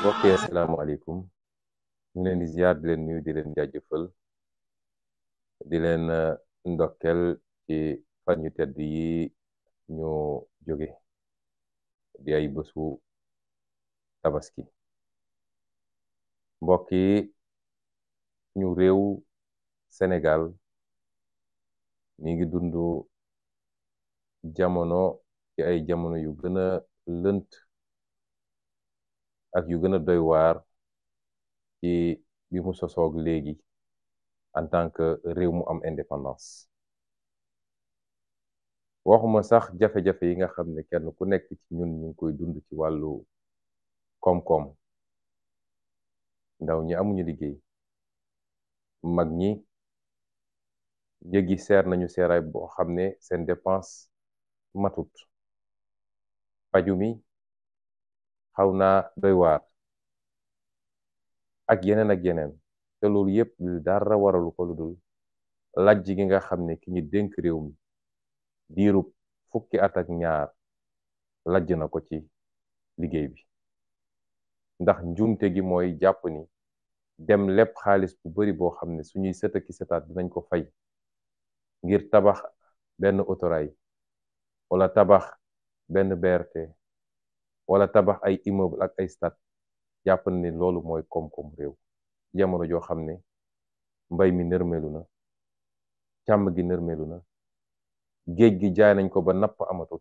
mbokk yi asalaamaaleykum ñu ngi leen di ziar di leen nuyu di leen jaajëfal di leen uh, ndokkel ci fan yi ñu jóge di ay tabaski mbokk yi ñu réew Sénégal mi ngi dund jamono ci ay jamono yu gën lënt ak yu gën a doy waar ci bi mu sosoog léegi en tant que réew mu am indépendance waxuma sax jafe-jafe yi nga xam ne kenn ku nekk ci ñun ñu ngi koy dund ci wàllu koom ndaw ñi amuñu liggéey mag ñi njëg yi seer nañu seeraay boo xam ne seen dépense matut paju xaw naa doy waar ak yeneen ak yeneen te loolu yëpp dara waralu ko lu dul lajj gi nga xam ne ki ñu dénk réew mi diirub fukki at ak ñaar lajj na ko ci liggéey bi ndax njuumte gi mooy jàpp ni dem lépp xaalis bu bari boo xam ne suñuy sët ak sëtaat dinañ ko fay ngir tabax benn autorail wala tabax benn BRT wala tabax ay immeuble ak ay stade jàpp na ne loolu mooy koom-koom réew jamono joo xam ne mbay mi nërmeelu na càmm gi nërmeelu na géej gi jaay nañ ko ba napp amatul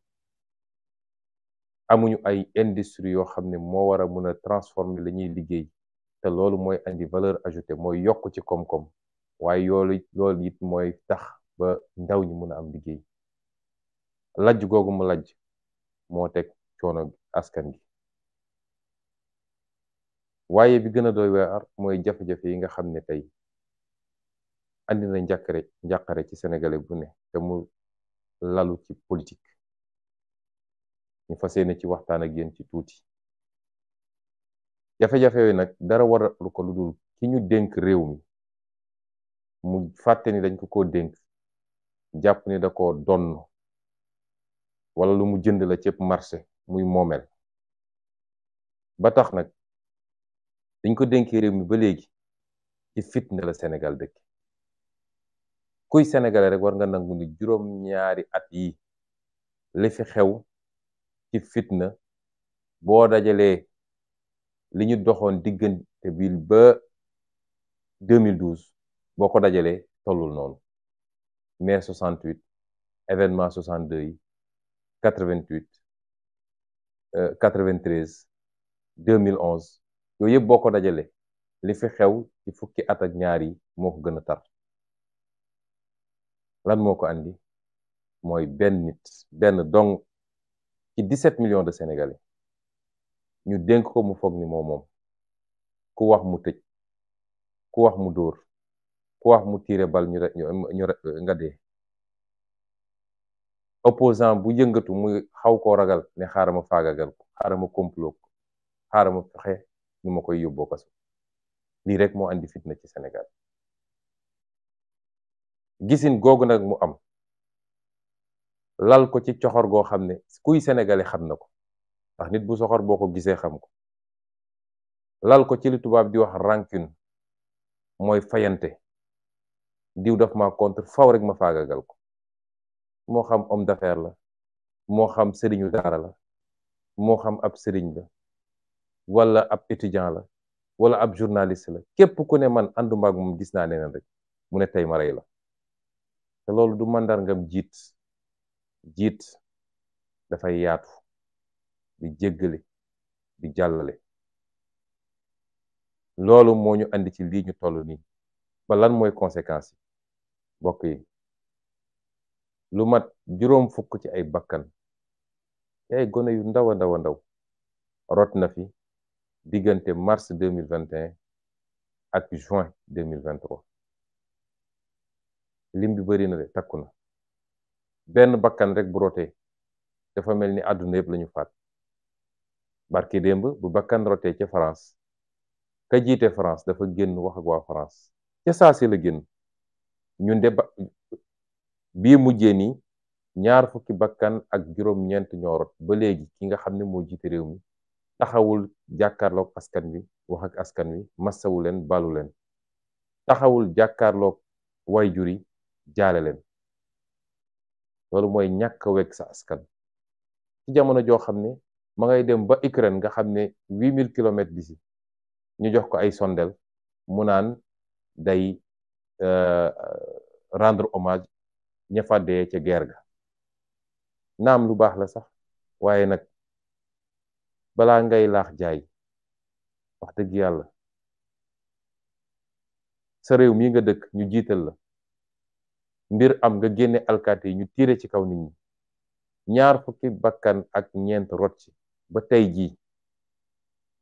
amuñu ay industrie yoo xam ne moo war a mën a transformer la ñuy liggéey te loolu mooy indi valeur ajouté mooy yokk ci koom-koom waaye yoolu loolu mooy tax ba ndaw ñi mën a am liggéey lajj googu mu lajj moo teg coono askan gi waaye bi gën a doy waar mooy jafe-jafe yi nga xam ne tey andi na njàqare njàqare ci senegale bu ne te mu lalu ci politik ñu fas yéene ci waxtaan a yéen ci tuuti jafe-jafe nag dara waralu ko lu dul ki ñu dénk réew mi mu fàtte ni dañ ko ko dénk jàpp ni da ko donn wala lu mu jënd la ceeb marché muy moomeel ba tax nag dañ ko dénkee réew ba léegi ci fitna la senegal dëkk kuy sénégalais war nga nangu ni juróom-ñaari at yi li fi xew ci fitna boo dajalee li ñu doxoon diggante bi ba 2012 boo ko dajalee tollul noonu mai 68 événement 62 yi 93 2011 yooyu yëpp boo ko dajale li fi xew ci fukki at ak ñaar moo ko gën a tar lan moo ko andi mooy benn nit benn dong ci 17 millions de sénégalais ñu dénk ko mu foog ni moom moom ku wax mu tëj ku wax mu dóor ku wax mu tiire bal ñu ñu nga dee opposant bu yëngatu muy xaw koo ragal ne xaaral ma faagagal ko xaaral ma complot ko xaaral fexe nu ma koy yóbboo kaso lii rek moo andi fitna ci senegal gisin googu nag mu am lal ko ci coxor goo xam ne kuy sénégalais xam na ko ndax nit bu soxor boo ko gisee xam ko lal ko ci li tubaab di wax rancune mooy fayante diw daf ma contre faw rek ma faagagal ko moo xam homme d'affaires la moo xam sëriñu daara la moo xam ab sëriñ la wala ab étudiant la wala ab journaliste la képp ku ne man ànduma ak moom gis naa neneen rek mu ne tey ma la te loolu du màndarngam jiit jiit dafay yaatu di jéggale di jàllale loolu moo ñu andi ci lii ñu toll nii ba mooy conséquence yi mbokk yi lu mat juróom fukk ci ay bakkan ci ay gone yu ndaw a ndaw a ndaw rot na fi diggante mars 2021 ak juin 2023 lim bi bëri na de takku na benn bakkan rek bu rotee dafa mel ni àdduna yëpp lañu faat barki démb bu bakkan rotee ca France ka jiite France dafa génn wax ak France ca saa la génn ñun de bi mujjee ni ñaar fukki bakkan ak juróom-ñeent ñoo ba léegi ki nga xam ne moo jiite réew mi taxawul jàkkaarloog askan wi wax ak askan wi massawu leen balu leen taxawul jàkkaarloog way juri jaale leen loolu mooy ñàkk a wekk sa askan ci jamono joo xam ne ma ngay dem ba Ukraine nga xam ne huit mille kilomètres d'ici ñu jox ko ay sondel mu naan day euh, rendre hommage ña fa ca guerre ga naam lu baax la sax waaye nag balaa ngay laax jaay wax dëgg yàlla sa réew mii nga dëkk ñu jiital la mbir am nga génne alkaati yi ñu tiire ci kaw nit ñi ñaar fukki bakkan ak ñeent rot ci ba tey jii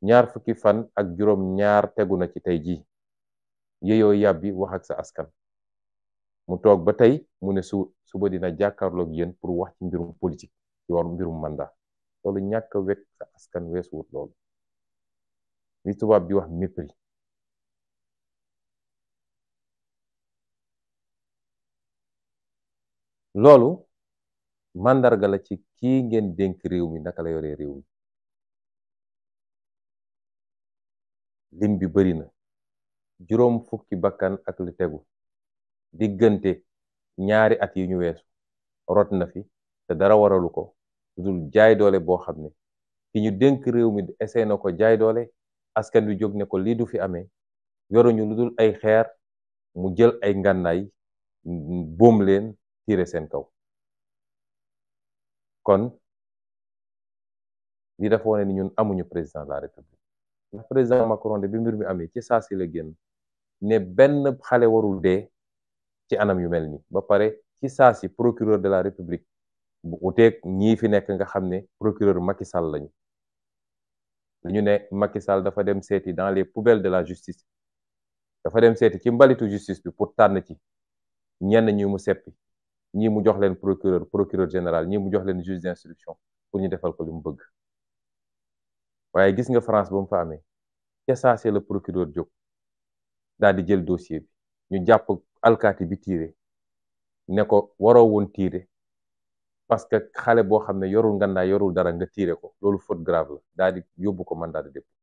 ñaar fukki fan ak juróom ñaar tegu na ci tey jii yeyoo yàbbi wax ak sa askan mu toog ba tey mu ne su suba dina jàkkaarloog yéen pour wax ci mbirum politique ci war mbirum mandat loolu ñàkk a wekk sa askan weesu wut loolu li tubaab bi wax mépris loolu màndarga la ci kii ngeen dénk réew mi naka la yoree réew mi lim bi bari na juróom fukki bakkan ak lu tegu diggante ñaari at yi ñu weesu rot na fi te dara waralu ko lu dul jaay doole boo xam ne ki ñu dénk réew mi essayé na ko jaay doole askan wi jóg ne ko lii du fi amee yoruñu lu dul ay xeer mu jël ay ngànnaay boom leen tiire seen kaw kon li dafa wane ni ñun amuñu président de la république ndax président Macron de bi mbir mi amee ci saa si la génn ne benn xale warul dee ci anam yu mel nii ba pare ci saa si procureur de la république bu uteeg ñii fi nekk nga xam ne procureur Macky Sall lañu dañu ne Macky Sall dafa dem seeti dans les poubelles de la justice dafa dem seeti ci mbalitu justice bi pour tànn ci ñenn ñi mu seppi ñii mu jox leen procureur procureur général ñi mu jox leen juge d'instruction pour ñu defal ko lu mu bëgg waaye gis nga France ba mu fa amee ca saa la procureur jóg daal di jël dossier bi ñu jàpp alkaati bi tiire ne ko waroo woon tiire parce que xale boo xam ne yorul ngandaay yorul dara nga tiire ko loolu faute grave la daal yóbbu ko mandat de dépôt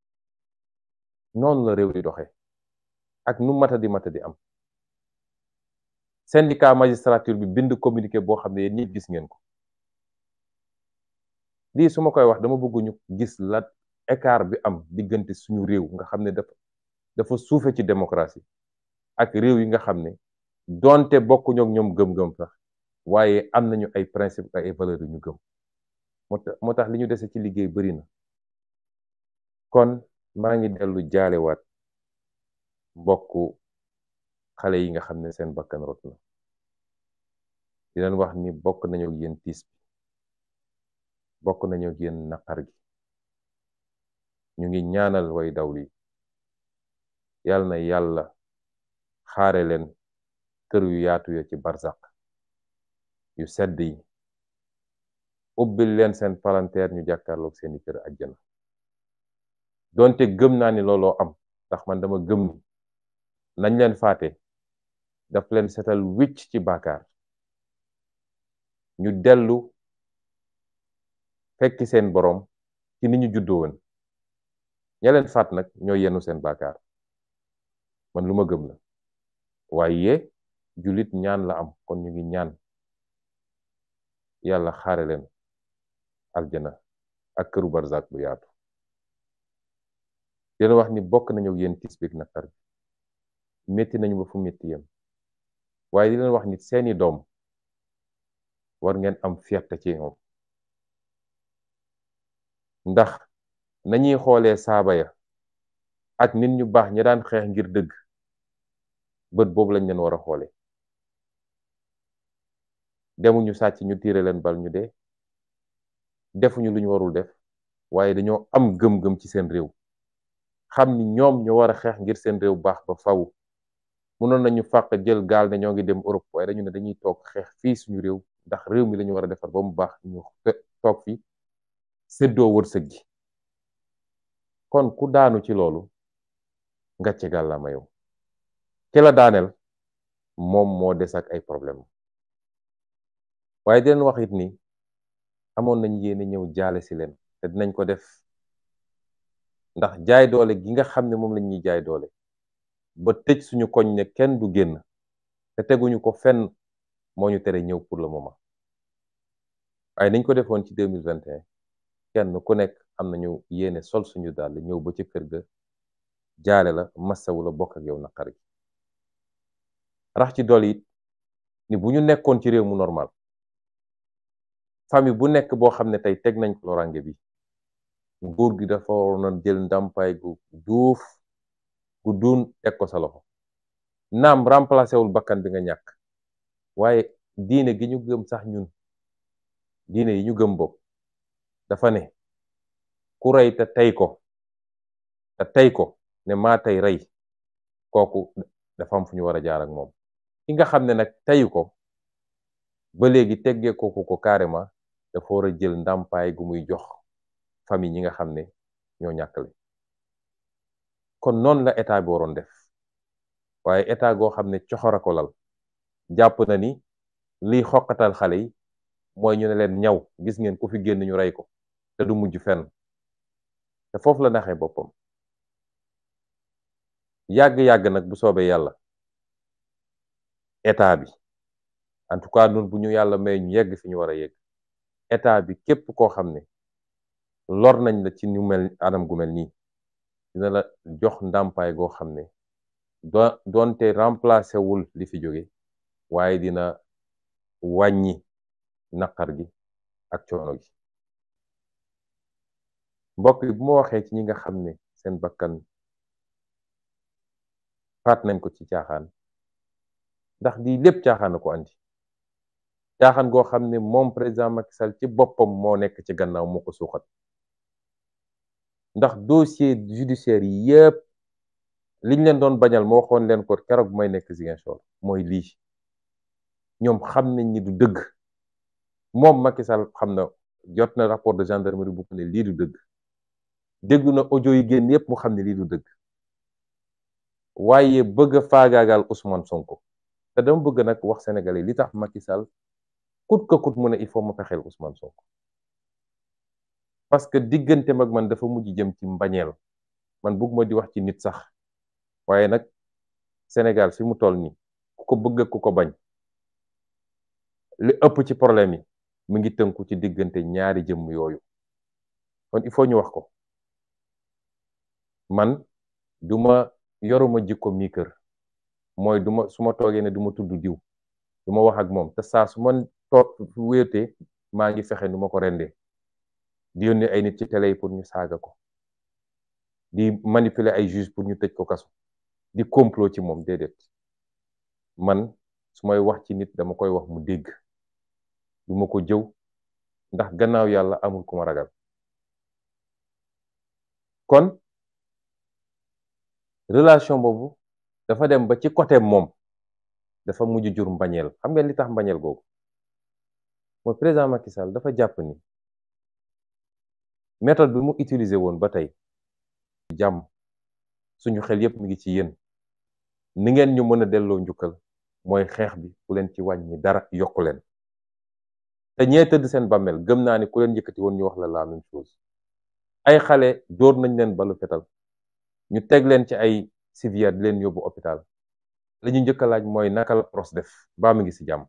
noonu la réew di doxe ak nu mata di mata di am syndicat magistrature bi bind communiqué boo xam ne yéen gis ngeen ko lii suma koy wax dama bëgg gis la écart bi am diggante suñu réew nga xam ne dafa dafa suufe ci démocratie ak réew yi nga xam ne doonte bokkuñu ak ñoom gëm-gëm sax waaye am nañu ay principe ak ay ñu gëm moo tax li ñu dese ci liggéey bari na kon maa ngi dellu jaalewaat mbokku xale yi nga xam ne seen bakkan rot na di leen wax ni bokk nañu ak yéen tiis bi bokk nañu ak yéen naqar gi ñu ngi ñaanal way daw li yàlla na yàlla xaare leen kër yu yaatu yo ci barzaq yu sedd yi ubbil leen seen palanteer ñu jàkkaarloog seeni kër àjjana donte gëm naa ni looloo am ndax man dama gëm ni nañ leen faate daf leen setal wicc ci baakaar ñu dellu fekki seen boroom ci ni ñu juddoo woon ña leen faat nag ñoo yenu seen baakaar man lu ma gëm la waaye julit ñaan la am kon ñu ngi ñaan yàlla xaare leen aljana ak këru barzak bu yaatu leen wax ni bokk nañu yéen tiis beeg naqar bi métti nañu ba fu métti yem waaye di leen wax ni seeni doom war ngeen am fierté ci ñoom ndax nañuy xoolee saaba ya ak nit ñu baax ñi daan xeex ngir dëgg bët boobu lañ leen war a xoole demuñu sàcc ñu tiire leen bal ñu dee defuñu lu ñu warul def waaye dañoo am gëm-gëm ci seen réew xam ni ñoom ñu war a xeex ngir seen réew baax ba faw mënoon nañu fàq jël gaal ne ñoo ngi dem Europe waaye dañu ne dañuy toog xeex fii suñu réew ndax réew mi lañu ñu war a defar ba mu baax ñu toog fi séddoo wërsëg gi kon ku daanu ci loolu ngàcce gàllama yow ki la daaneel moom moo des ay problème waaye den leen wax it ni amoon nañ yéene ñëw jaale si leen te dinañ ko def ndax jaay doole gi nga xam ne moom lañ ñuy jaay doole ba tëj suñu koñ ne kenn du génn te teguñu ko fenn moo ñu tere ñëw pour le moment waaye niñ ko defoon ci deux mille vingt et un kenn ku nekk am nañu yéene sol suñu dàll ñëw ba ci kër ga jaale la masawu la bokk ak yow naqar gi rax ci dool it ni bu ñu nekkoon ci réew mu normal famille bu nekk boo xam ne tey teg nañ ko lorange bi nguur gi dafa waroon a jël ndàmpaay gu duuf gu duun teg ko sa loxo naam remplacé wul bakkan bi nga ñàkk waaye diine gi ñu gëm sax ñun diine yi ñu gëm bokk dafa ne ku rey te tey ko te tey ko ne maa tey rey kooku dafa am fu ñu war a jaar ak moom ki nga xam ne nag teyu ko ba léegi teggee kooku ko carrément dafa war a jël ndàmpaay gu muy jox famille ñi nga xam ne ñoo ñàkkale kon noonu la état bi waroon def waaye état goo xam ne coxora ko lal jàpp na ni liy xoqatal xale yi mooy ñu ne leen ñaw gis ngeen ku fi génn ñu rey ko te du mujj fenn te foofu la naxee boppam yàgg-yàgg nag bu soobee yàlla état bi en tout cas ñun bu ñu yàlla may ñu yegg fi ñu war a yegg état bi képp koo xam ne lor nañ la ci ñu mel anam gu mel nii dina la jox ndàmpaay goo xam ne do doonte remplacé wul li fi jóge waaye dina wàññi naqar gi ak coono gi mbokk yi bu ma waxee ci ñi nga xam ne seen bakkan faat nañ ko ci caaxaan ndax di lépp caaxaan na ko andi caaxaan goo xam ne moom président Macky Sall ci boppam moo nekk ci gannaaw moo ko suuxat ndax dossier judiciaire yi yëpp liñ leen doon bañal ma waxoon leen ko keroog may nekk Ziguinchor mooy lii ñoom xam nañ ni du dëgg moom Macky Sall xam na jot na rapport de gendarmerie bu ko ne lii du dëgg déglu na audio yi génn yëpp mu xam ne lii du dëgg waaye bëgg a faagaagal Ousmane Sonko te dama bëgg nag wax sénégalais li tax Macky coûte que coûte mu ne il faut ma fexeel Ousmane Sonko parce que diggante mag man dafa mujj jëm ci mbañeel man bëgguma di wax ci nit sax waaye nag Sénégal fi mu toll nii ku ko bëgg ku ko bañ li ëpp ci problème yi mu ngi tënku ci diggante ñaari jëmm yooyu kon il faut ñu wax ko man duma yoruma jikko mii kër mooy duma suma ma toogee ne du ma tudd diw du ma moom te saa su toog fu maa ngi fexe nu ma ko rendee di yónnee ay nit ci télé yi pour ñu saaga ko di manipuler ay juge pour ñu tëj ko kaso di complot ci moom déedéet man su may wax ci nit dama koy wax mu dégg duma ko jëw ndax gannaaw yàlla amul ku ma ragal kon relation boobu dafa dem ba ci côté moom dafa mujj jur mbañeel xam ngeen ni tax mbañeel googu mooy président Macky Sall dafa jàpp ni méthode bi mu utiliser woon ba tey jàmm suñu xel yépp mu ngi ci yéen ni ngeen ñu mën a delloo njukkal mooy xeex bi ku leen ci wàññi dara yokku leen te ñee tëdd seen bameel gëm naa ni ku leen yëkkati woon ñu wax la la même chose ay xale dóor nañ leen balu fetal ñu teg leen ci ay civière di leen yóbbu hôpital li ñu njëkk laaj mooy naka la pros def baa mu ngi si jàmm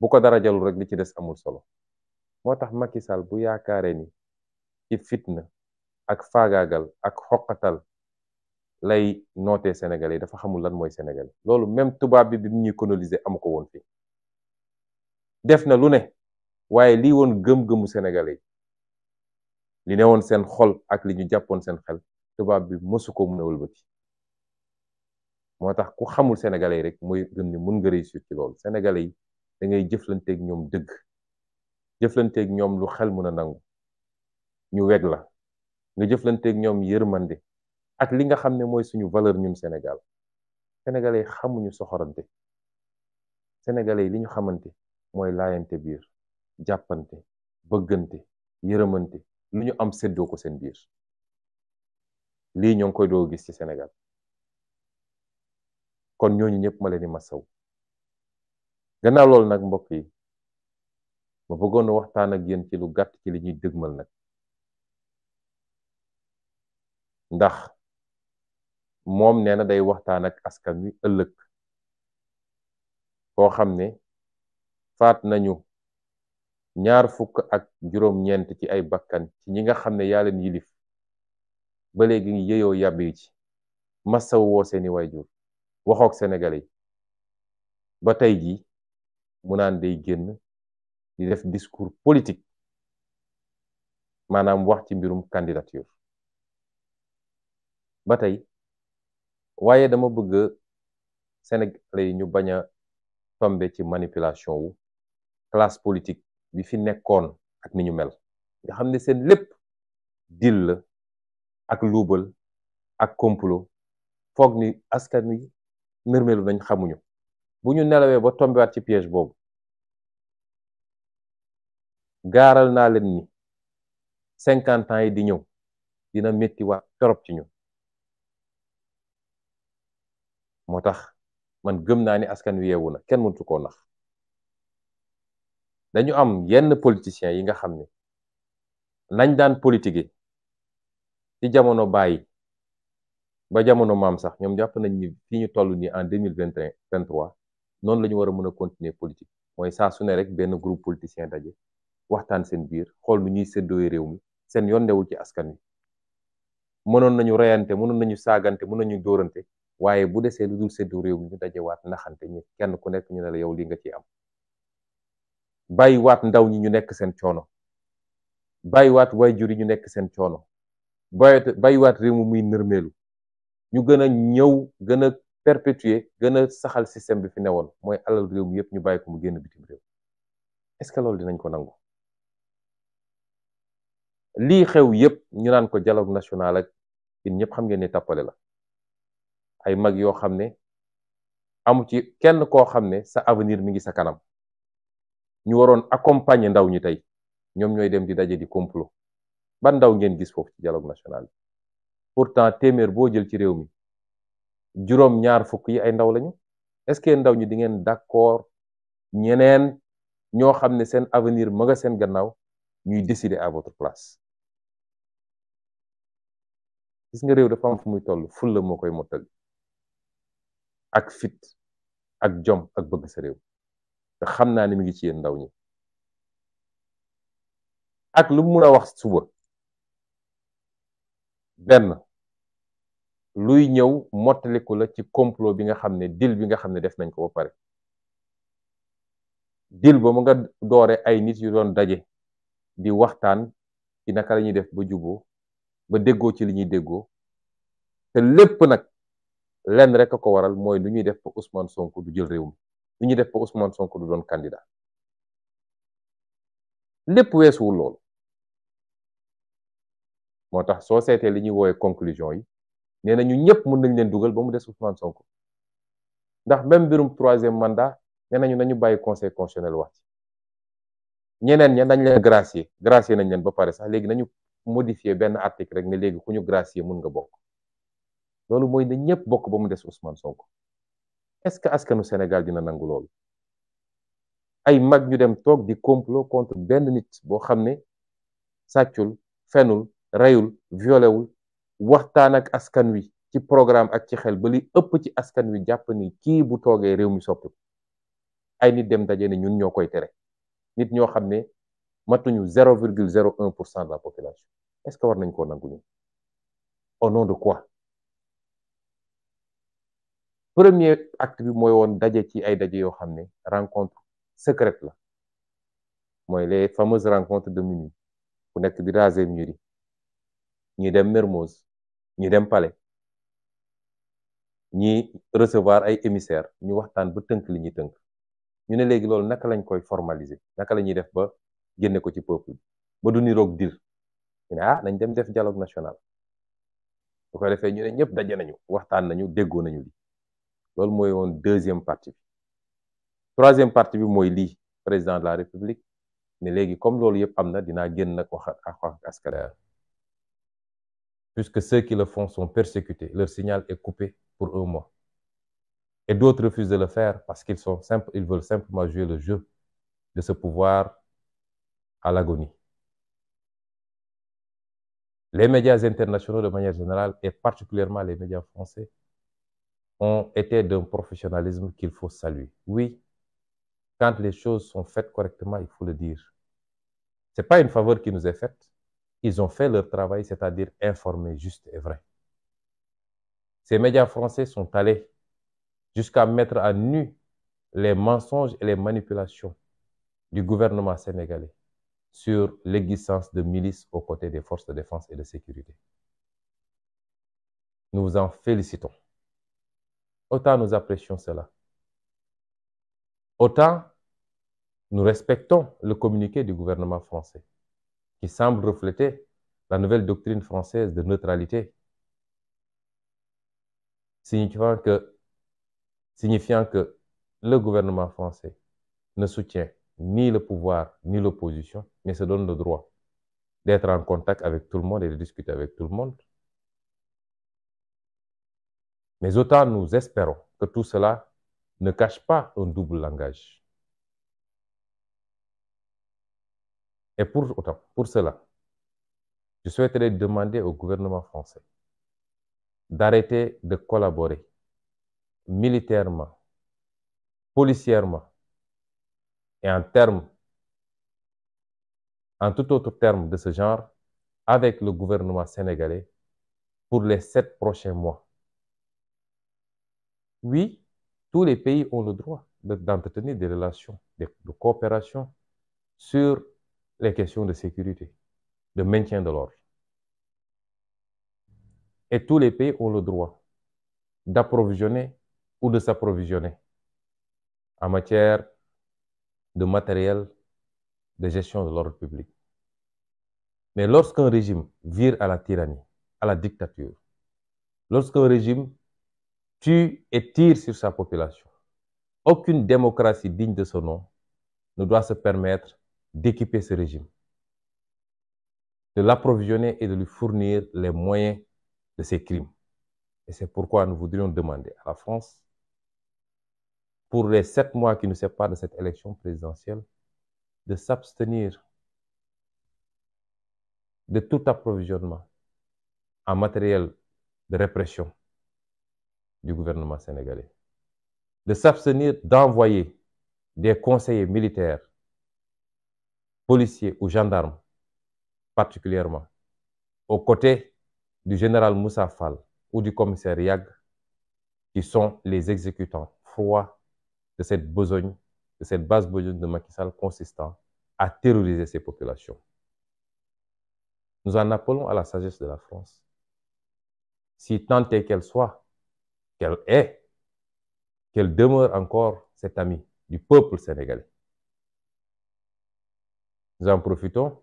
bu ko dara jalul rek li ci des amul solo moo tax Macky Sall bu yaakaaree ni ci fitna ak faagaagal ak xoqatal lay noote Sénégal yi dafa xamul lan mooy Sénégal loolu même tubaab bi bi mu ñuy coloniser amu ko woon fii def na lu ne waaye lii woon gëm-gëmu Sénégalais yi li ne woon seen xol ak li ñu jàppoon seen xel tubaab bi mësu ko mun a wëlbati moo tax ku xamul Sénégalais yi rek mooy gëm ni mun nga réussir ci loolu Sénégalais yi dangay ngay jëflanteeg ñoom dëgg jëflanteeg ñoom lu xel mën a nangu ñu weg la nga jëflanteeg ñoom yërmande ak li nga xam ne mooy suñu valeur ñun Sénégal sénégalais xamuñu soxorante sénégalais li ñu xamante mooy laayante biir jàppante bëggante yërëmante lu ñu am séddoo ko seen biir lii ñoo koy doo gis ci senegal kon ñooñu ñëpp ma leen di masaw gannaaw loolu nag mbokk yi ma bëggoon waxtaan ak yéen ci lu gàtt ci li ñuy dëgmal nag ndax moom neena day waxtaan ak askan wi ëllëg koo xam ne faat nañu ñaar fukk ak juróom-ñeent ci ay bakkan ci ñi nga xam ne yaa leen yilif ba léegi ngi yeyoo yàbb yi ci masaw woo seeni waajur waxook Sénégalais yi ba tey jii mu naan day génn di def discours politique maanaam wax ci mbirum candidature ba tey waaye dama bëgg Sénégalais yi ñu bañ a tombe ci manipulation wu classe politique bi fi nekkoon ak ni ñu mel nga xam ne seen lépp dil la ak luubal ak complot foog ni askan wi mërmelu nañ xamuñu bu ñu nelawee ba tombewaat ci piège boobu gaaral naa leen ni cinquante ans yi di ñëw dina métti waat torop ci ñun moo tax man gëm naa ni askan wi yeewu na kenn mëntu koo nax dañu am yenn politiciens yi nga xam ni nañ daan politique ci jamono bàyyi ba jamono maam sax ñoom jàpp nañ ni fi ñu toll nii en deux mille vingt et noonu la ñu war a mën a continuer politique mooy saa su ne rek benn groupe politicien daje waxtaan seen biir xool nu ñuy séddooy réew mi seen yoon newul ci askan wi mënoon nañu reyante mënoon nañu saagante mën nañu dóorante waaye bu desee lu dul séddu réew mi ñu dajewaat naxante ñu kenn ku nekk ñu ne la yow lii nga ciy am bàyyiwaat ndaw ñi ñu nekk seen coono bàyyiwaat waajur yi ñu nekk seen coono bàyyiwaat réew mi muy nërmeelu ñu gën a ñëw gën perpétuer gën a saxal système bi fi newoon mooy alal réew mi yëpp ñu bàyyi ko mu génn bitim réew est-ce que loolu dinañ ko nangu lii xew yëpp ñu naan ko dialogue national ak in ñëpp xam ngeen ne tàppale la ay mag yoo xam ne amu ci kenn koo xam ne sa avenir mi ngi sa kanam ñu waroon accompagner ndaw ñi tey ñoom ñooy dem di daje di complot ban ndaw ngeen gis foofu ci dialogue national bi pourtant téeméer boo jël ci réew mi juróom ñaar fukk yi ay ndaw lañu est-ce que ndaw ñi di ngeen d'accord ñeneen ñoo xam ne seen avenir ma seen gannaaw ñuy décider à votre place gis nga réew dafa am fu muy toll fulla moo koy mottali ak fit ak jom ak bëgg sa réew xam naa ni mi ngi ci yéen ndaw ñi ak lu mu a wax suba benn luy ñëw mottaliku la ci complot bi nga xam ne deal bi nga xam ne def nañ ko ba pare dil ba mu nga doore ay nit yu doon daje di waxtaan ci naka la ñuy def ba juboo ba déggoo ci li ñuy déggoo te lépp nag lenn rek a ko waral mooy lu ñuy def ba Ousmane Sonko du jël réew lu ñuy def ba Ousmane Sonko du doon candidat lépp weesuwul loolu moo tax soo seetee li ñuy woowee conclusion yi nee na ñu ñëpp mun nañ leen dugal ba mu des Ousmane Sonko ndax même mbirum troisième mandat nee nañu nañu bàyyi conseil constitutionnel wax ci ñeneen ña nañ leen gracier gracier nañ leen ba pare sax léegi nañu modifier benn article rek ne léegi ku ñu gracier mun nga bokk loolu mooy ne ñëpp bokk ba mu des Ousmane Sonko est-ce que askanu senegal dina nangu loolu ay mag ñu dem toog di complot contre benn nit boo xam ne sàccul fenul reyul violewul waxtaan ak askan wi ci programme ak ci xel ba li ëpp ci askan wi jàpp ni kii bu toogee réew mi soppi ay nit dem daje ne ñun ñoo koy tere nit ñoo xam ne matuñu zéro virgule zéro un pour cent de la population est-ce que war nañ koo nangu ñun au nom de quoi premier acte bi mooy woon daje ci ay daje yoo xam ne rencontre secrète la mooy les fameuses rencontres de minuit ku nekk di raser mur yi ñi dem Mermoz ñu dem palais ñi recevoir ay émissaires ñu waxtaan ba tënk li ñuy tënk ñu ne léegi loolu naka lañ koy formaliser naka la ñuy def ba génne ko ci peuple ba du niroog dir ñu ne ah nañ dem def dialogue national bu ko defee ñu ne ñëpp daje nañu waxtaan nañu déggoo nañu li loolu mooy woon deuxième partie bi troisième partie bi mooy lii président de la république ne léegi comme loolu yëpp am na dinaa génn nag wax ak askan puisque ceux qui le font sont persécutés. Leur signal est coupé pour un mois. Et d'autres refusent de le faire parce qu'ils sont simples, ils veulent simplement jouer le jeu de ce pouvoir à l'agonie. Les médias internationaux de manière générale, et particulièrement les médias français, ont été d'un professionnalisme qu'il faut saluer. Oui, quand les choses sont faites correctement, il faut le dire. Ce n'est pas une faveur qui nous est faite, ils ont fait leur travail, c'est-à-dire informer juste et vrai. Ces médias français sont allés jusqu'à mettre à nu les mensonges et les manipulations du gouvernement sénégalais sur l'existence de milices aux côtés des forces de défense et de sécurité. Nous vous en félicitons. Autant nous apprécions cela. Autant nous respectons le communiqué du gouvernement français. qui semble refléter la nouvelle doctrine française de neutralité, signifiant que, signifiant le gouvernement français ne soutient ni le pouvoir ni l'opposition, mais se donne le droit d'être en contact avec tout le monde et de discuter avec tout le monde. Mais autant nous espérons que tout cela ne cache pas un double langage Et pour autant, pour cela, je souhaiterais demander au gouvernement français d'arrêter de collaborer militairement, policièrement et en termes, en tout autre terme de ce genre, avec le gouvernement sénégalais pour les sept prochains mois. Oui, tous les pays ont le droit d'entretenir des relations de, coopération les questions de sécurité, de maintien de l'ordre. Et tous les pays ont le droit d'approvisionner ou de s'approvisionner en matière de matériel de gestion de l'ordre public. Mais lorsqu'un régime vire à la tyrannie, à la dictature, lorsqu'un régime tue et tire sur sa population, aucune démocratie digne de ce nom ne doit se permettre d'équiper ce régime, de l'approvisionner et de lui fournir les moyens de ses crimes. Et c'est pourquoi nous voudrions demander à la France, pour les sept mois qui nous séparent de cette élection présidentielle, de s'abstenir de tout approvisionnement en matériel de répression du gouvernement sénégalais, de s'abstenir d'envoyer des conseillers militaires policiers ou gendarmes, particulièrement, aux côtés du général Moussa fal ou du commissaire Yag, qui sont les exécutants froids de cette besogne, de cette base besogne de Macky Sall consistant à terroriser ces populations. Nous en appelons à la sagesse de la France. Si tant est qu'elle soit, qu'elle est, qu'elle demeure encore cet ami du peuple sénégalais. Nous en profitons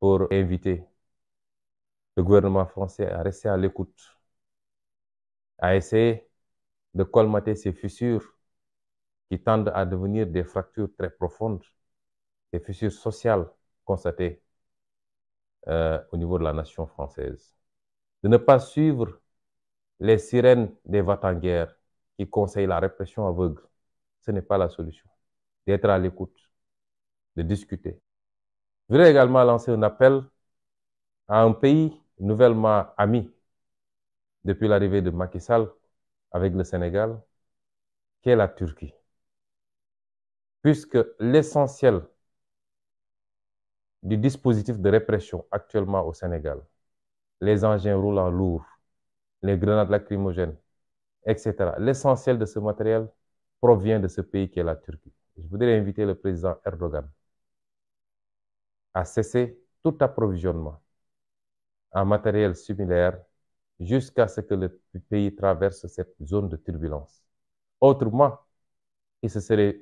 pour inviter le gouvernement français à rester à l'écoute, à essayer de colmater ces fissures qui tendent à devenir des fractures très profondes, des fissures sociales constatées euh, au niveau de la nation française. De ne pas suivre les sirènes des vatanguerres qui conseillent la répression aveugle, ce n'est pas la solution. D'être à l'écoute, de discuter. Je voudrais également lancer un appel à un pays nouvellement ami depuis l'arrivée de Macky Sall avec le Sénégal, qu'est la Turquie. Puisque l'essentiel du dispositif de répression actuellement au Sénégal, les engins roulants lourds, les grenades lacrymogènes, etc., l'essentiel de ce matériel provient de ce pays qui est la Turquie. Je voudrais inviter le président Erdogan a cessé tout approvisionnement en matériel similaire jusqu'à ce que le pays traverse cette zone de turbulence. Autrement, il se serait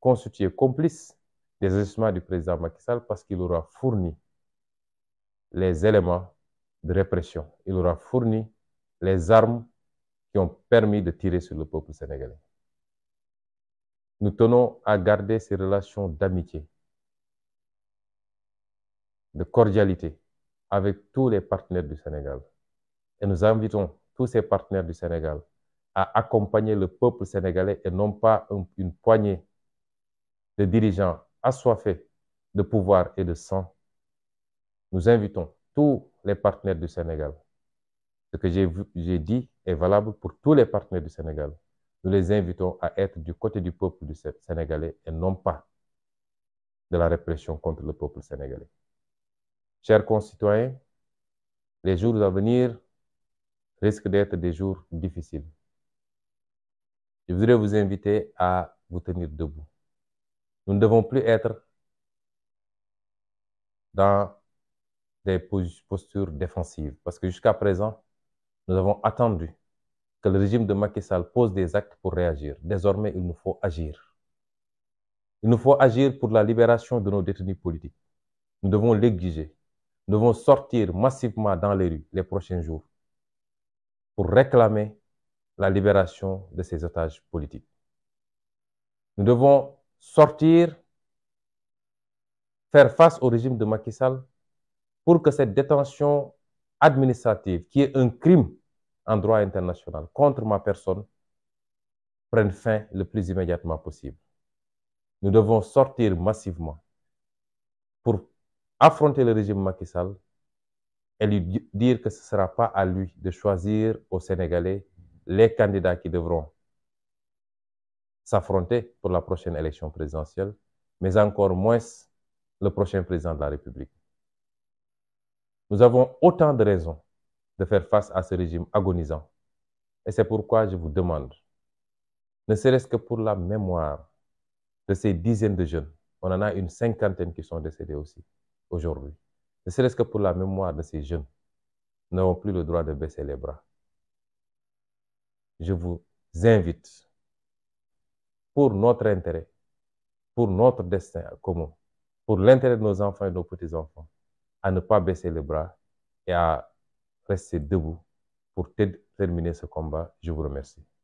constitué complice des agissements du président Macky Sall parce qu'il aura fourni les éléments de répression. Il aura fourni les armes qui ont permis de tirer sur le peuple sénégalais. Nous tenons à garder ces relations d'amitié de cordialité avec tous les partenaires du Sénégal. Et nous invitons tous ces partenaires du Sénégal à accompagner le peuple sénégalais et non pas une poignée de dirigeants assoiffés de pouvoir et de sang. Nous invitons tous les partenaires du Sénégal. Ce que j'ai dit est valable pour tous les partenaires du Sénégal. Nous les invitons à être du côté du peuple du sénégalais et non pas de la répression contre le peuple sénégalais. Chers concitoyens, les jours à venir risquent d'être des jours difficiles. Je voudrais vous inviter à vous tenir debout. Nous ne devons plus être dans des postures défensives parce que jusqu'à présent, nous avons attendu que le régime de Macky pose des actes pour réagir. Désormais, il nous faut agir. Il nous faut agir pour la libération de nos détenus politiques. Nous devons l'exiger. devons sortir massivement dans les rues les prochains jours pour réclamer la libération de ces otages politiques. Nous devons sortir, faire face au régime de Macky pour que cette détention administrative, qui est un crime en droit international contre ma personne, prenne fin le plus immédiatement possible. Nous devons sortir massivement affronter le régime Macky Sall et lui dire que ce ne sera pas à lui de choisir au Sénégalais les candidats qui devront s'affronter pour la prochaine élection présidentielle, mais encore moins le prochain président de la République. Nous avons autant de raison de faire face à ce régime agonisant. Et c'est pourquoi je vous demande, ne serait-ce que pour la mémoire de ces dizaines de jeunes, on en a une cinquantaine qui sont décédés aussi, aujourd'hui. Ne serait-ce que pour la mémoire de ces jeunes, nous n'avons plus le droit de baisser les bras. Je vous invite, pour notre intérêt, pour notre destin commun, pour l'intérêt de nos enfants et de nos petits-enfants, à ne pas baisser les bras et à rester debout pour terminer ce combat. Je vous remercie.